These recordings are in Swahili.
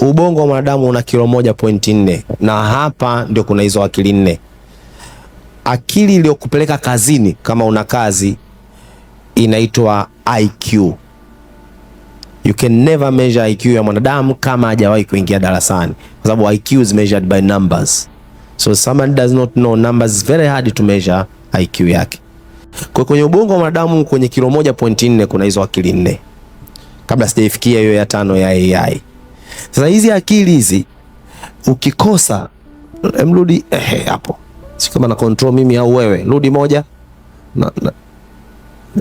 Ubongo wa mwanadamu una kilo moja pointi nne na hapa ndio kuna hizo akili nne. Akili iliyokupeleka kazini kama una kazi inaitwa IQ. You can never measure IQ ya mwanadamu kama hajawahi kuingia darasani, kwa sababu IQ is measured by numbers, so someone does not know numbers, very hard to measure IQ yake. Kwa kwenye ubongo wa mwanadamu kwenye kilo moja pointi nne kuna hizo akili nne, kabla sijaifikia hiyo ya tano ya AI. Sasa hizi akili hizi ukikosa, mrudi ehe, hapo si kama na control mimi au wewe, rudi moja na, na,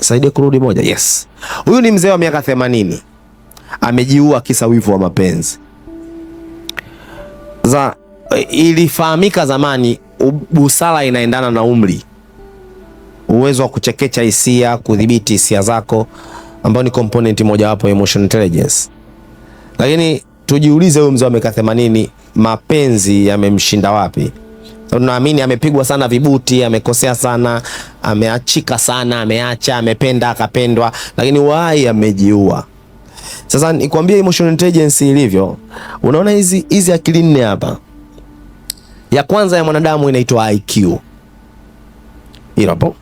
saidia kurudi moja. Yes, huyu ni mzee wa miaka themanini amejiua kisa wivu wa mapenzi za ilifahamika zamani, busara inaendana na umri, uwezo wa kuchekecha hisia, kudhibiti hisia zako, ambayo ni component wapo emotional intelligence, lakini tujiulize, huyo mzee wa miaka 80 mapenzi yamemshinda wapi? Naamini amepigwa sana vibuti, amekosea sana, ameachika sana, ameacha, amependa akapendwa, lakini wai amejiua. Sasa nikwambie emotional intelligence ilivyo. Unaona hizi hizi akili nne hapa, ya kwanza ya mwanadamu inaitwa IQ, hilo hapo.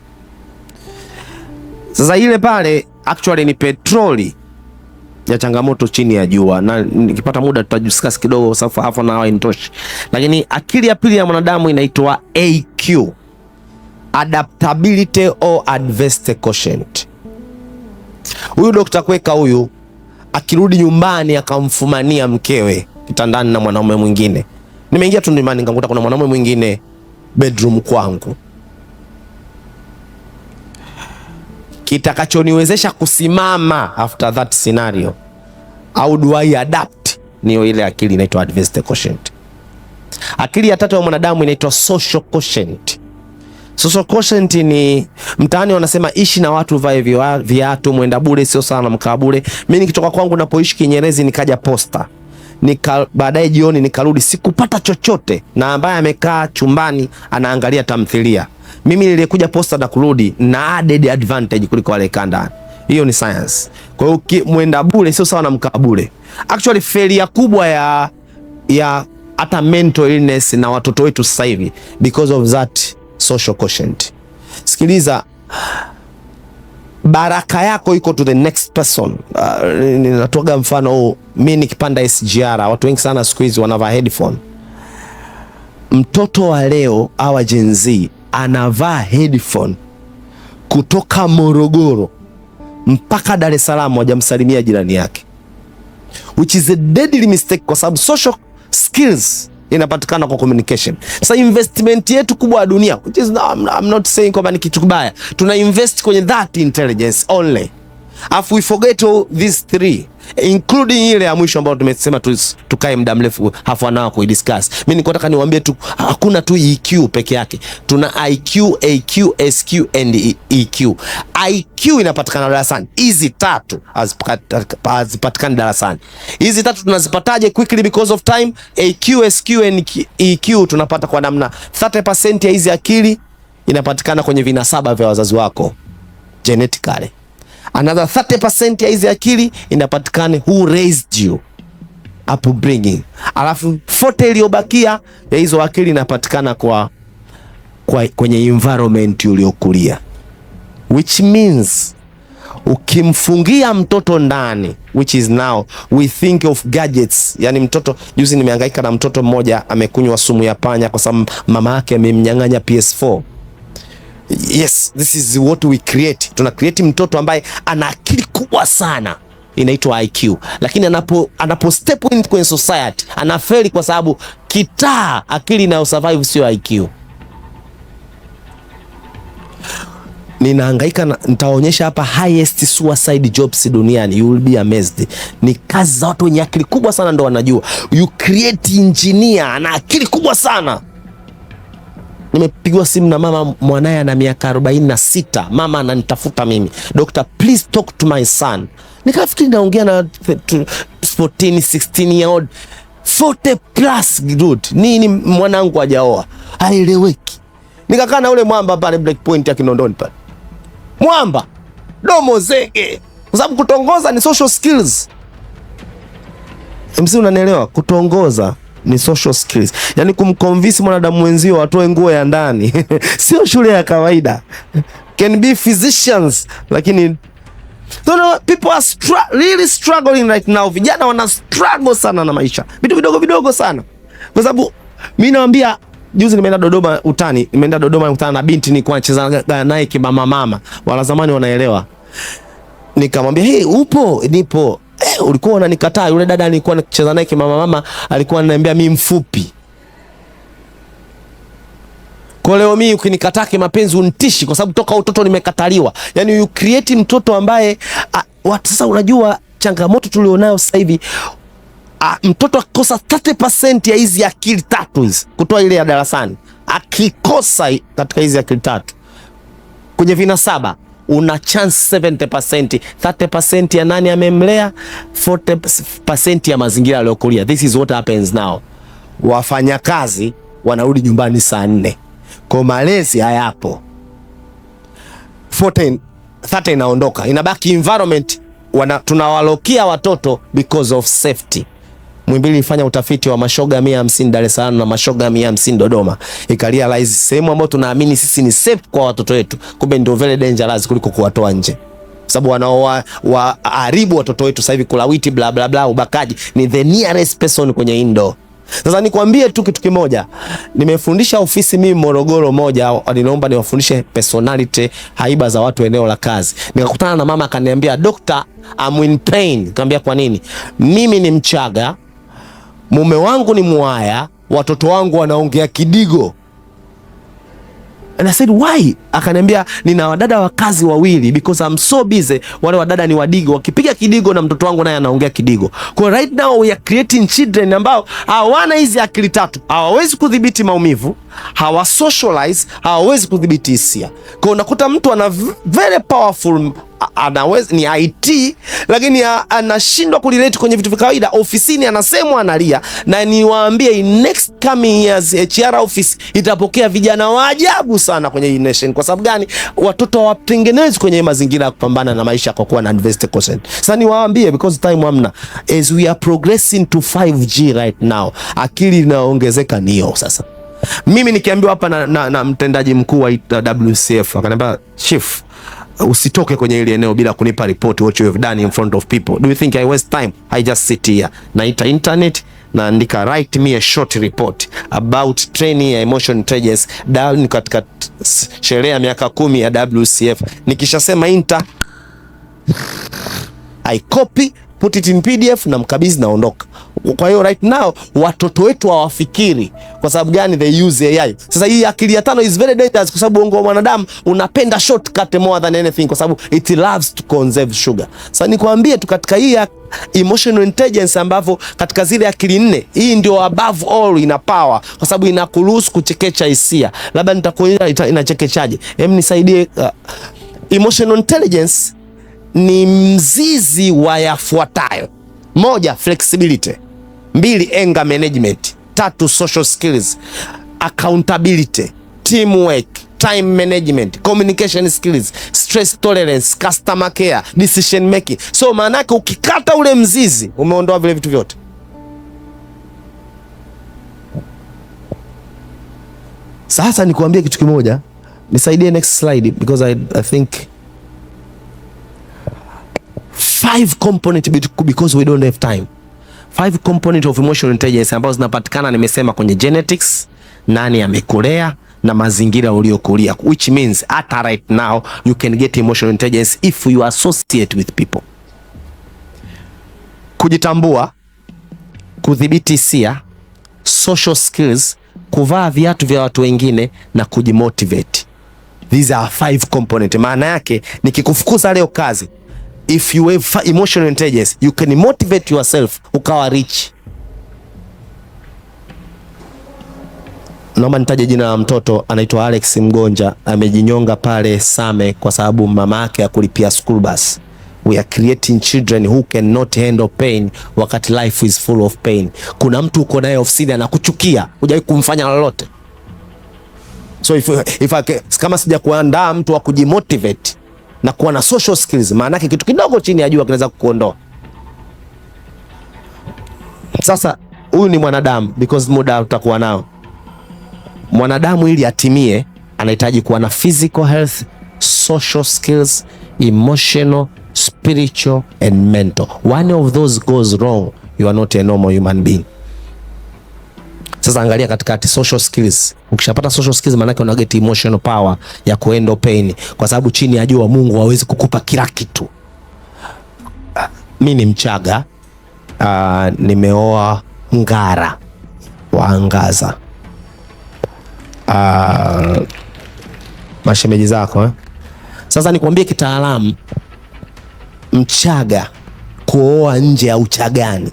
Sasa ile pale actually ni petroli ya changamoto chini ya jua, na nikipata muda tutadiscuss kidogo, safu hapo na hainitoshi. Lakini akili ya pili ya mwanadamu inaitwa AQ, adaptability or adversity quotient. Huyu Dr. Kweka huyu akirudi nyumbani akamfumania mkewe kitandani na mwanaume mwingine, nimeingia tu nyumbani nikakuta kuna mwanaume mwingine bedroom kwangu kitakachoniwezesha kusimama after that scenario, au do I adapt? Niyo ile akili inaitwa adversity quotient. Akili ya tatu ya mwanadamu inaitwa social quotient. Social quotient ni mtaani wanasema ishi na watu, vae viatu, mwenda bure sio sana, mkaa bure. Mimi nikitoka kwangu napoishi Kinyerezi nikaja posta nika baadaye jioni nikarudi, sikupata chochote, na ambaye amekaa chumbani anaangalia tamthilia mimi nilikuja posta na kurudi na added advantage kuliko wale kanda. Hiyo ni science. Kwa hiyo ukimwenda bure sio sawa na mkaa bure. Actually failure kubwa ya ya hata mental illness na watoto wetu sasa hivi because of that social quotient. Sikiliza, baraka yako iko to the next person. Uh, ninatoga mfano huu, mimi nikipanda SGR, watu wengi sana siku hizi wanavaa headphone. Mtoto wa leo awa Gen Z anavaa headphone kutoka Morogoro mpaka Dar es Salaam hajamsalimia jirani yake, which is a deadly mistake, kwa sababu social skills inapatikana kwa communication. Sasa investment yetu kubwa ya dunia, which is no, I'm, I'm not saying kwamba ni kitu kibaya, tuna invest kwenye that intelligence only, afu we forget all these three including ile ya mwisho ambayo tumesema tukae muda mrefu hafu anao discuss. Mimi niko nataka niwaambie tu hakuna tu EQ peke yake, tuna IQ, AQ, SQ and EQ. IQ inapatikana darasani, hizi tatu hazipatikani darasani. Hizi tatu tunazipataje? Quickly because of time. AQ, SQ and EQ tunapata kwa namna 30% ya hizi akili inapatikana kwenye vinasaba vya wazazi wako genetically another 30% ya hizi akili inapatikana who raised you upbringing, alafu 40 iliyobakia ya hizo akili inapatikana kwa, kwa kwenye environment uliokulia, which means ukimfungia mtoto ndani, which is now we think of gadgets. Yani mtoto juzi, nimehangaika na mtoto mmoja amekunywa sumu ya panya kwa sababu mama yake amemnyang'anya PS4 Yes, this is what we create. Tuna create mtoto ambaye ana akili kubwa sana inaitwa IQ, lakini anapo, anapo step in kwenye society anafeli kwa sababu kitaa akili inayo survive sio IQ. Ninahangaika, nitaonyesha hapa highest suicide jobs duniani, you will be amazed. Ni kazi za watu wenye akili kubwa sana ndo wanajua. You create engineer ana akili kubwa sana Nimepigwa simu na mama, mwanaye ana miaka 46, mama ananitafuta mimi, doctor please talk to my son. Nikafikiri naongea na 14 16 year old 40 plus dude, nini mwanangu hajaoa, haeleweki. Nikakaa na ule mwamba pale Black Point ya Kinondoni pale, mwamba domo zege, kwa sababu kutongoza ni social skills. msi unanielewa? Kutongoza ni social skills, yaani kumconvince mwanadamu wenzio atoe nguo ya ndani sio shule ya kawaida. Can be physicians, lakini so no, people are str really struggling right now. Vijana wana struggle sana na maisha, vitu vidogo vidogo sana, kwa sababu mimi nawaambia Juzi nimeenda Dodoma utani, nimeenda Dodoma nikutana na binti nilikuwa nacheza naye kimama mama, wala zamani wanaelewa. Nikamwambia hey, upo? Nipo eh, ulikuwa unanikataa. Yule dada nilikuwa nacheza naye kimama mama alikuwa ananiambia mimi mfupi. Kwa leo mimi ukinikataa kimapenzi unitishi, kwa sababu toka utoto nimekataliwa. Yani you create mtoto ambaye sasa, unajua changamoto tulionayo sasa hivi mtoto akikosa 30% ya hizi akili tatu hizi kutoa ile ya darasani, akikosa katika hizi akili tatu kwenye vina saba una chance 70%, 30% ya nani amemlea, 40% ya mazingira aliyokulia. This is what happens now. Wafanyakazi wanarudi nyumbani saa nne, kwa malezi hayapo. 14 30 inaondoka, inabaki environment, tunawalokia watoto because of safety Muhimbili ilifanya utafiti wa mashoga 150 Dar es Salaam na mashoga 150 Dodoma, ikarealize sehemu ambayo tunaamini sisi ni safe kwa watoto wetu, kumbe ndio vile dangerous kuliko kuwatoa nje sababu wanaowaharibu watoto wetu sasa hivi kulawiti, bla bla bla, ubakaji ni the nearest person kwenye indo. Sasa nikwambie tu kitu kimoja, nimefundisha ofisi mimi Morogoro moja, ninaomba niwafundishe personality, haiba za watu eneo la kazi. Nikakutana na mama akaniambia, Doctor, I'm in pain. Nikamwambia kwa nini? Mimi ni Mchaga, mume wangu ni mwaya, watoto wangu wanaongea Kidigo. And I said why? Akaniambia nina wadada wa kazi wawili because I'm so busy. Wale wadada ni Wadigo, wakipiga Kidigo na mtoto wangu naye anaongea Kidigo. Kwa right now we are creating children ambao hawana hizi akili tatu, hawawezi kudhibiti maumivu hawa socialize, hawawezi kudhibiti hisia. Kwa unakuta mtu ana very powerful anawezi ni IT lakini anashindwa kulirate kwenye vitu vya kawaida. Ofisini anasemwa analia, na niwaambie, in next coming years HR office itapokea vijana wa ajabu sana kwenye hii nation. Kwa sababu gani? Watoto hawatengenezwi kwenye mazingira ya kupambana na maisha kwa kuwa na university quotient. Sasa niwaambie, because time hamna, as we are progressing to 5G right now, akili inaongezeka niyo sasa mimi nikiambiwa hapa na, na, na mtendaji mkuu wa uh, WCF akaniambia, chief usitoke kwenye ile eneo bila kunipa report what you have done in front of people. Do you think I waste time? I just sit here. Naita internet naandika write me a short report about training ya emotion intelligence down katika sherehe ya miaka kumi ya WCF. Nikishasema inter I copy, put it in PDF na mkabidhi naondoka. Kwa hiyo right now watoto wetu hawafikiri. Kwa sababu gani? They use AI. Sasa hii akili ya tano is very dangerous, kwa sababu ubongo wa mwanadamu unapenda shortcut more than anything, kwa sababu it loves to conserve sugar. Sasa nikwambie tu katika hii emotional intelligence ambavyo katika zile akili nne, hii ndio above all ina power, kwa sababu inakuruhusu kuchekecha hisia. Labda nitakuonyesha inachekechaje. Hem, nisaidie uh, emotional intelligence ni mzizi wa yafuatayo: moja, flexibility mbili anger management, tatu social skills, accountability, teamwork, time management, communication skills, stress tolerance, customer care, decision making. So maana yake ukikata ule mzizi umeondoa vile vitu vyote. Sasa nikuambie kitu kimoja, nisaidie next slide because I, I think five component because we don't have time five component of emotional intelligence ambazo zinapatikana nimesema kwenye genetics, nani amekulea na mazingira uliokulia, which means at right now you can get emotional intelligence if you associate with people. Kujitambua, kudhibiti hisia, social skills, kuvaa viatu vya watu wengine na kujimotivate. These are five component. Maana yake nikikufukuza leo kazi if you have emotional intelligence you can motivate yourself ukawa rich. Naomba nitaje jina la mtoto anaitwa Alex Mgonja, amejinyonga pale Same kwa sababu mama yake akulipia school bus. We are creating children who cannot handle pain, wakati life is full of pain. Kuna mtu uko naye ofisini anakuchukia, hujawahi kumfanya lolote. So if, if I, kama sijakuandaa mtu wa kujimotivate na kuwa na social skills, maana yake kitu kidogo chini ya jua kinaweza kukuondoa. Sasa huyu ni mwanadamu, because muda utakuwa nao. Mwanadamu ili atimie, anahitaji kuwa na physical health, social skills, emotional, spiritual and mental. One of those goes wrong, you are not a normal human being. Sasa angalia katikati, social skills. Ukishapata social skills, maana yake una get emotional power ya kuendo pain, kwa sababu chini ya jua Mungu hawezi kukupa kila kitu. Ah, mimi ni Mchaga, uh, nimeoa Ngara waangaza. Uh, ah, mashemeji zako eh? Sasa nikwambie kitaalamu, Mchaga kuoa nje ya uchagani,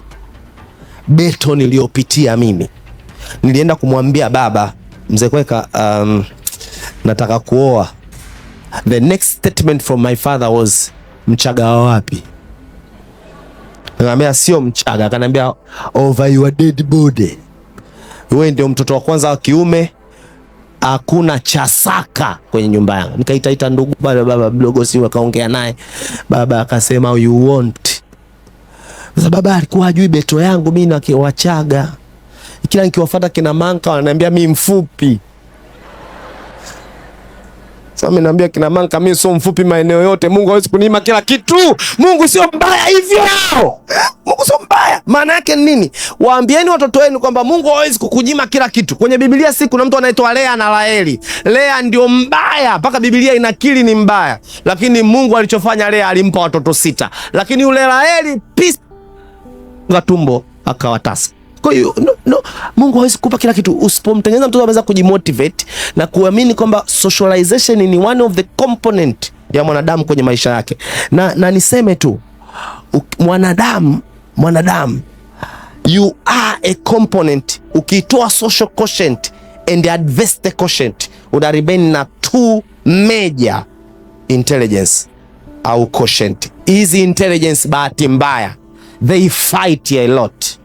beto niliyopitia mimi nilienda kumwambia baba mzee Kweka, um, nataka kuoa. The next statement from my father was Mchaga wa wapi? Nikamwambia sio Mchaga, akaniambia over your dead body, wewe ndio mtoto wa kwanza wa kiume, hakuna chasaka kwenye nyumba yangu. Nikaitaita ndugu baba, baba mdogo si wakaongea naye, baba akasema you want. sababu baba alikuwa ajui beto yangu mimi na Wachaga kila nikiwafuata kina Manka wananiambia mimi mfupi. Sasa mimi naambia kina Manka mimi sio mfupi maeneo yote. Mungu hawezi kunima kila kitu. Mungu sio mbaya hivyo. Mungu sio mbaya. Maana yake ni nini? Waambieni watoto wenu kwamba Mungu hawezi kukunyima kila kitu. Kwenye Biblia si kuna mtu anaitwa Lea na Raheli. Lea ndio mbaya, mpaka Biblia inakiri ni mbaya. Lakini Mungu alichofanya Lea alimpa watoto sita. Lakini yule Raheli pisi tumbo akawatasa. Kwa hiyo no, no, Mungu hawezi kukupa kila kitu. Usipomtengeneza mtoto anaweza kujimotivate na kuamini kwamba socialization ni one of the component ya mwanadamu kwenye maisha yake, na, na niseme tu mwanadamu mwanadamu, you are a component. Ukitoa social quotient and adversity quotient, una remain na two major intelligence au quotient. Hizi intelligence bahati mbaya they fight a lot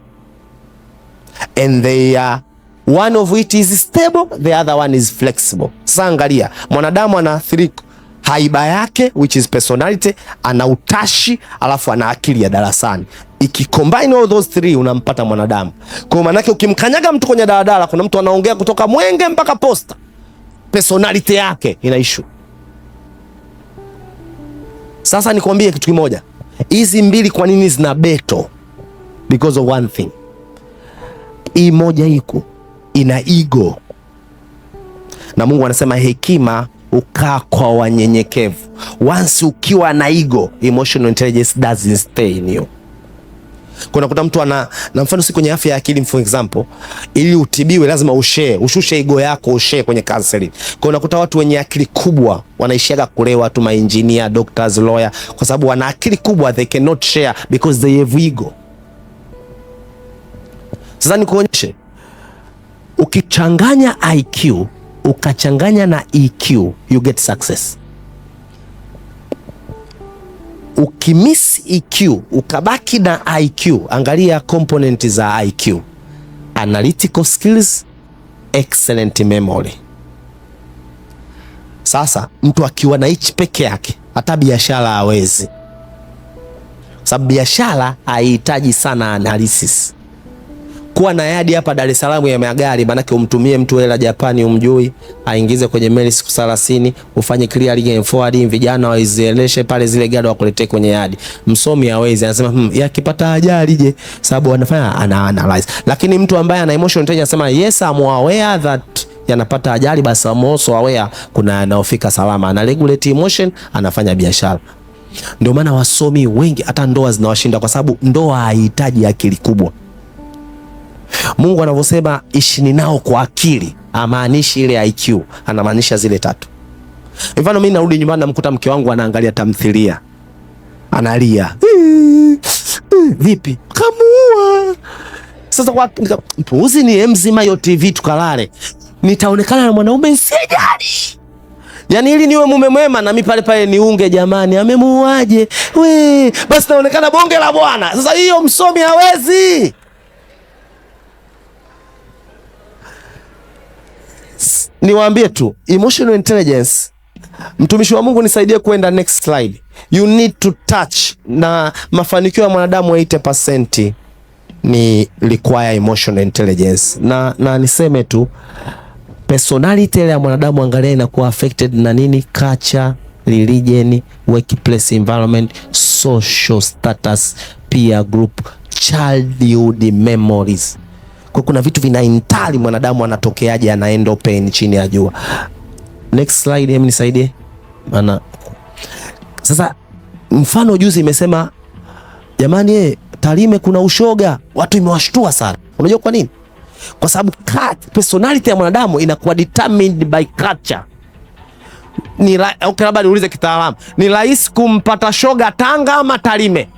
and they are one of which is stable, the other one is flexible. Sasa angalia, mwanadamu ana three haiba yake which is personality, ana utashi, alafu ana akili ya darasani. Ikicombine all those three unampata mwanadamu. Kwa maana yake ukimkanyaga mtu kwenye daladala, kuna mtu anaongea kutoka Mwenge mpaka Posta, personality yake ina issue. Sasa nikwambie kitu kimoja, hizi mbili kwa nini zina beto? Because of one thing hii moja iko ina ego, na Mungu anasema hekima ukaa kwa wanyenyekevu. Once ukiwa na ego, emotional intelligence doesn't stay in you. Kuna kuta mtu ana na mfano si kwenye afya ya akili, for example, ili utibiwe lazima ushee, ushushe ego yako, ushee kwenye counseling. Kwa unakuta watu wenye akili kubwa wanaishiaga kulewa, watu ma engineer, doctors, lawyer, kwa sababu wana akili kubwa, they cannot share because they have ego. Sasa nikuonyeshe, ukichanganya IQ ukachanganya na EQ you get success. Ukimiss EQ ukabaki na IQ, angalia component za IQ: analytical skills, excellent memory. Sasa mtu akiwa na hichi peke yake, hata biashara hawezi, sababu biashara haihitaji sana analysis kuwa na yadi hapa Dar es Salaam ya magari, maanake umtumie mtu hela Japani umjui, aingize kwenye meli siku 30, ufanye clearing and forwarding, vijana waizeleshe pale zile gari wakuletee kwenye yadi. Msomi hawezi, anasema hmm, yakipata ajali je? Sababu anafanya ana analyze. Lakini mtu ambaye ana emotion tena anasema yes I'm aware that yanapata ajali, basi I'm also aware kuna anaofika salama, ana regulate emotion, anafanya biashara. Ndio maana wasomi wengi hata ndoa zinawashinda, kwa sababu ndoa haihitaji akili kubwa. Mungu anavyosema ishini nao kwa akili, amaanishi ile IQ, anamaanisha zile tatu. Mfano, mimi narudi nyumbani namkuta mke wangu anaangalia tamthilia, analia vipi, kamuua. Sasa kwa mpuuzi ni mzima yo TV tukalale, nitaonekana na mwanaume sijali Yaani ili niwe mume mwema na mimi pale pale niunge jamani amemuuaje? We, basi naonekana bonge la bwana. Sasa hiyo msomi hawezi. niwaambie tu emotional intelligence Mtumishi wa Mungu nisaidie kwenda next slide. You need to touch na mafanikio ya mwanadamu wa 80% ni require emotional intelligence. Na, na niseme tu personality ile ya mwanadamu angalia inakuwa affected na nini? Culture, religion, workplace environment, social status, peer group, childhood memories. Kwa kuna vitu vina intali mwanadamu anatokeaje, anaenda open chini ya jua. Next slide, hem nisaidie. Maana sasa mfano juzi imesema jamani, eh Tarime kuna ushoga, watu imewashtua sana. Unajua kwa nini? Kwa sababu personality ya mwanadamu inakuwa determined by culture. Ni okay, labda niulize kitaalamu, ni rahisi kumpata shoga Tanga ama Tarime?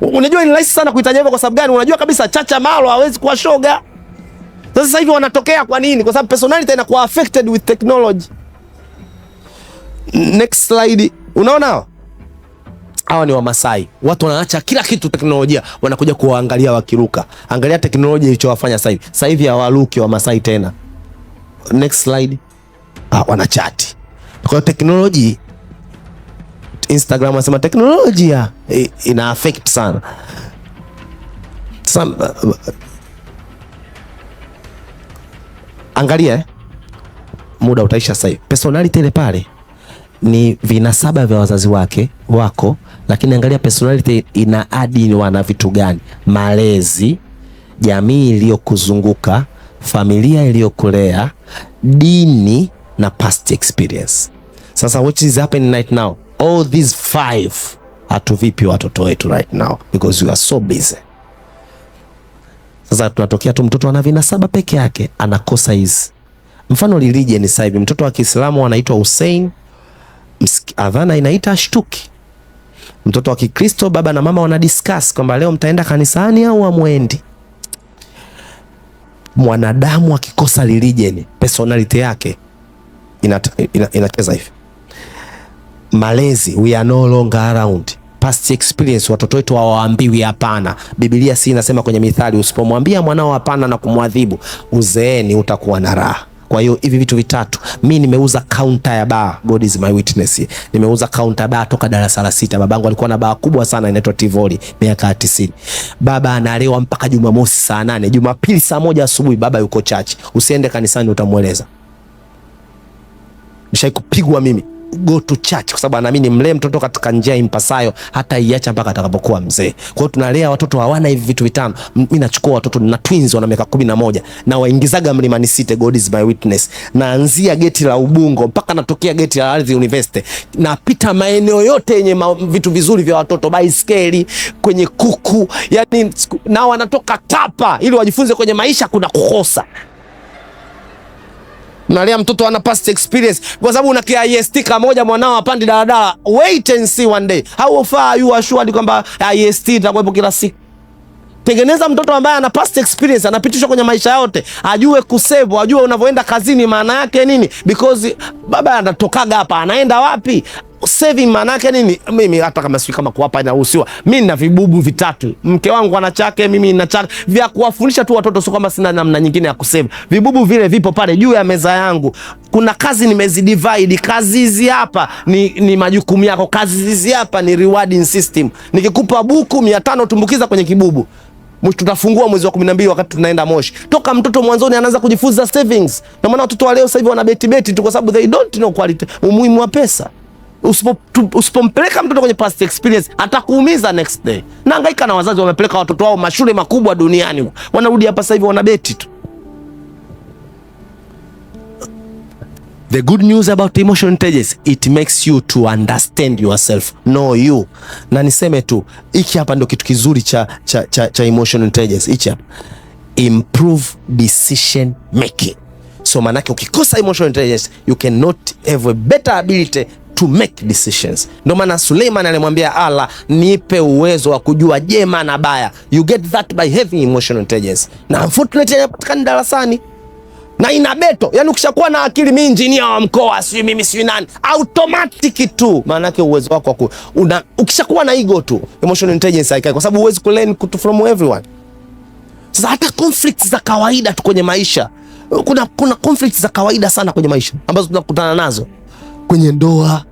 Unajua ni rahisi sana kuitaja hivyo kwa sababu gani? Unajua kabisa Chacha Malo hawezi kuwa shoga. Sasa hivi wanatokea kwa nini? Kwa sababu personality inakuwa affected with technology. Next slide. Unaona? Hawa ni Wamasai, watu wanaacha kila kitu teknolojia, wanakuja kuwaangalia wakiruka. Angalia teknolojia ilichowafanya sasa hivi. Sasa hivi hawaruki Wamasai tena. Next slide. Ah, wanachati. Kwa hiyo teknolojia Instagram anasema teknolojia eh, ina affect sana Sam, uh, eh, angalia eh? Muda utaisha sasa hivi. Personality ile pale ni vinasaba vya wazazi wake wako, lakini angalia personality ina adi wana vitu gani? Malezi, jamii iliyokuzunguka, familia iliyokulea, dini na past experience. Sasa what is happening right now all these five hatuvipi watoto wetu right now because you are so busy. Sasa tunatokea tu mtoto ana vinasaba peke yake anakosa hizi. Mfano religion sasa hivi mtoto wa Kiislamu anaitwa Hussein, adhana inaita ashtuki. Mtoto wa Kikristo baba na mama wana discuss kwamba leo mtaenda kanisani au hamwendi. Mwanadamu akikosa religion, personality yake inacheza ina, ina hivi malezi, we are no longer around past experience watoto wetu hawaambiwi hapana. Biblia si inasema kwenye Mithali, usipomwambia mwanao hapana na kumwadhibu, uzeeni utakuwa na raha. Kwa hiyo hivi vitu vitatu, mi nimeuza kaunta ya baa, God is my witness, nimeuza kaunta ya baa toka darasa la sita. Babangu alikuwa na baa kubwa sana inaitwa Tivoli miaka ya tisini. Baba analewa mpaka Jumamosi saa nane, Jumapili saa moja asubuhi baba yuko chachi. Usiende kanisani, utamweleza. Nishaikupigwa mimi go to church kwa sababu anaamini mlee mtoto katika njia impasayo hata iacha mpaka atakapokuwa mzee. Kwa hiyo tunalea watoto hawana hivi vitu vitano. Mimi nachukua watoto na twins wana miaka moja na waingizaga Mlimani City, God is my witness. Naanzia geti la Ubungo mpaka natokea geti la Ardhi University. Napita maeneo yote yenye vitu vizuri vya watoto, baiskeli, kwenye kuku, yani na wanatoka tapa ili wajifunze kwenye maisha kuna kukosa. Unalea mtoto ana past experience kwa sababu una sticker moja, mwanao apande daladala. Wait and see one day. How far you are sure kwamba IST itakuwepo kila siku? Tengeneza mtoto ambaye ana past experience, anapitishwa kwenye maisha yote, ajue kusevu, ajue unavyoenda kazini maana yake nini, because baba anatokaga hapa anaenda wapi saving maana yake nini? Mimi hata kama sifi kama kuwapa inaruhusiwa, mimi nina vibubu vitatu, mke wangu ana chake, mimi nina chake, vya kuwafundisha tu watoto, sio kwamba sina namna nyingine ya kusave. Vibubu vile vipo pale juu ya meza yangu. Kuna kazi nimezidivide, kazi hizi hapa ni, ni majukumu yako, kazi hizi hapa ni rewarding system. Nikikupa buku 500 tumbukiza kwenye kibubu tutafungua mwezi wa 12 wakati tunaenda Moshi. Toka mtoto mwanzoni anaanza kujifunza savings. Na maana watoto wa leo sasa hivi wana beti beti tu kwa sababu they don't know quality, umuhimu wa pesa. Usipompeleka mtoto kwenye past experience atakuumiza next day. Nahangaika na wazazi wamepeleka watoto wao mashule makubwa duniani. Wanarudi hapa sasa hivi wana beti tu. The good news about emotional intelligence, it makes you to understand yourself, know you. Na niseme tu hiki hapa ndo kitu kizuri cha, cha, cha, cha emotional intelligence hichi hapa, improve decision making. So manake ukikosa emotional intelligence you cannot have a better ability to make decisions. Ndo maana Suleiman alimwambia Allah, nipe uwezo wa kujua jema na baya. You get that by having emotional intelligence, na unfortunately hapatikani darasani na ina beto. Yani ukishakuwa na akili, mi injinia wa mkoa, si mimi si nani, automatic tu, maana yake uwezo wako una, ukishakuwa na ego tu, emotional intelligence haikai, kwa sababu huwezi kulearn kutu from everyone. Sasa hata conflicts za kawaida tu kwenye maisha, kuna kuna conflicts za kawaida sana kwenye maisha ambazo tunakutana nazo kwenye ndoa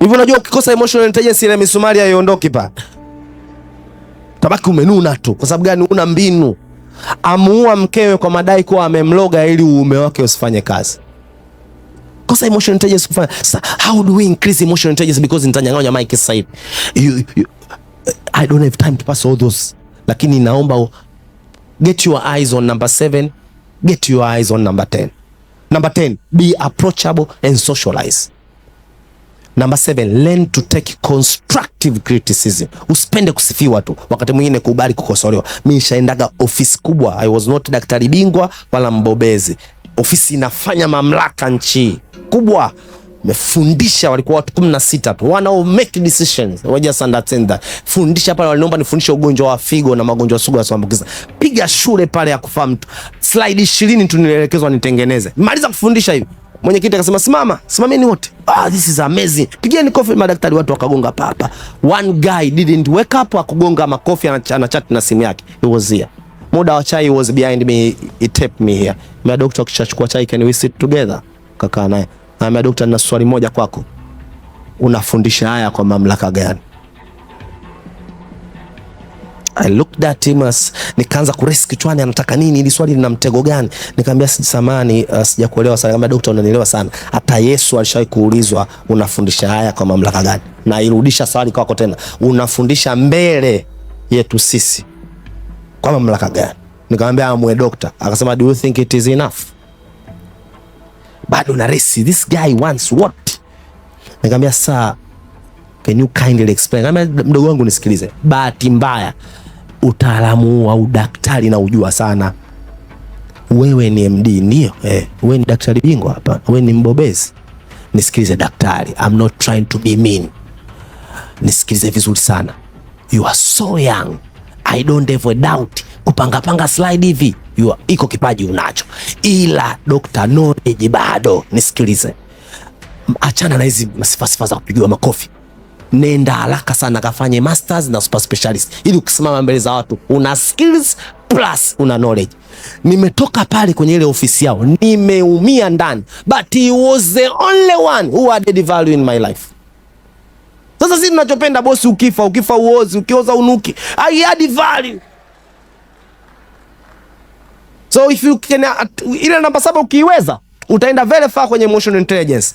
hivyo. Unajua, ukikosa emotional intelligence ile misumari haiondoki pa, tabaki umenuna tu. Kwa sababu gani? Una mbinu amuua mkewe kwa madai kuwa amemloga ili uume wake usifanye kazi. Kosa emotional intelligence kufanya. Sasa how do we increase emotional intelligence because nitanyang'anya mic sasa hivi. I don't have time to pass all those. Lakini naomba get your eyes on number 7, get your eyes on number 10. Number 10, be approachable and socialize. Number seven, learn to take constructive criticism. Usipende kusifiwa tu, wakati mwingine kubali kukosolewa. Mi nishaendaga ofisi kubwa, I was not daktari bingwa wala mbobezi. Ofisi inafanya mamlaka nchi kubwa mefundisha walikuwa watu kumi na sita tu wanao make decisions, just that. fundisha pale. Waliniomba nifundishe ugonjwa wa figo na magonjwa sugu yasiyoambukiza, piga shule pale ya kufaa mtu, slide ishirini tu nilielekezwa nitengeneze, maliza kufundisha hivi Mwenyekiti akasema simama, simameni wote. Ah, this is amazing. Pigeni kofi madaktari, watu wakagonga papa. One guy didn't wake up, akugonga makofi ana chat na simu yake. He was here. Muda wa chai was behind me, he tapped me here. My doctor akishachukua chai, can we sit together? Kaka naye. Na my doctor, na swali moja kwako. Unafundisha haya kwa mamlaka gani? I looked at him as nikaanza kuresi kichwani, anataka nini? Ili swali lina mtego gani? Nikamwambia si samani, uh, sijakuelewa sana. Kama daktari, unanielewa sana, hata Yesu alishawahi kuulizwa unafundisha haya kwa mamlaka gani? Na irudisha swali kwako tena, unafundisha mbele yetu sisi kwa mamlaka gani? Nikamwambia amwe dokta. Akasema do you think it is enough? Bado na resi, this guy wants what? Nikamwambia sir, Can you kindly explain? Kama mdogo wangu nisikilize, bahati mbaya utaalamu wa udaktari na ujua sana. Wewe ni MD ndio, eh, wewe ni daktari bingwa hapa, wewe ni mbobezi. Nisikilize daktari, I'm not trying to be mean. Nisikilize vizuri sana, you are so young, I don't have a doubt. Kupanga panga slide hivi you are, iko kipaji unacho, ila doctor knowledge bado. Nisikilize, achana na hizi sifa sifa za kupigiwa makofi nenda haraka sana kafanye masters na super specialist, ili ukisimama mbele za watu una skills plus una knowledge. Nimetoka pale kwenye ile ofisi yao nimeumia ndani, but he was the only one who added value in my life. Sasa sisi tunachopenda bosi, ukifa ukifa uozi, ukioza unuki, I add value. So if you can, uh, ile namba saba ukiiweza utaenda very far kwenye emotional intelligence.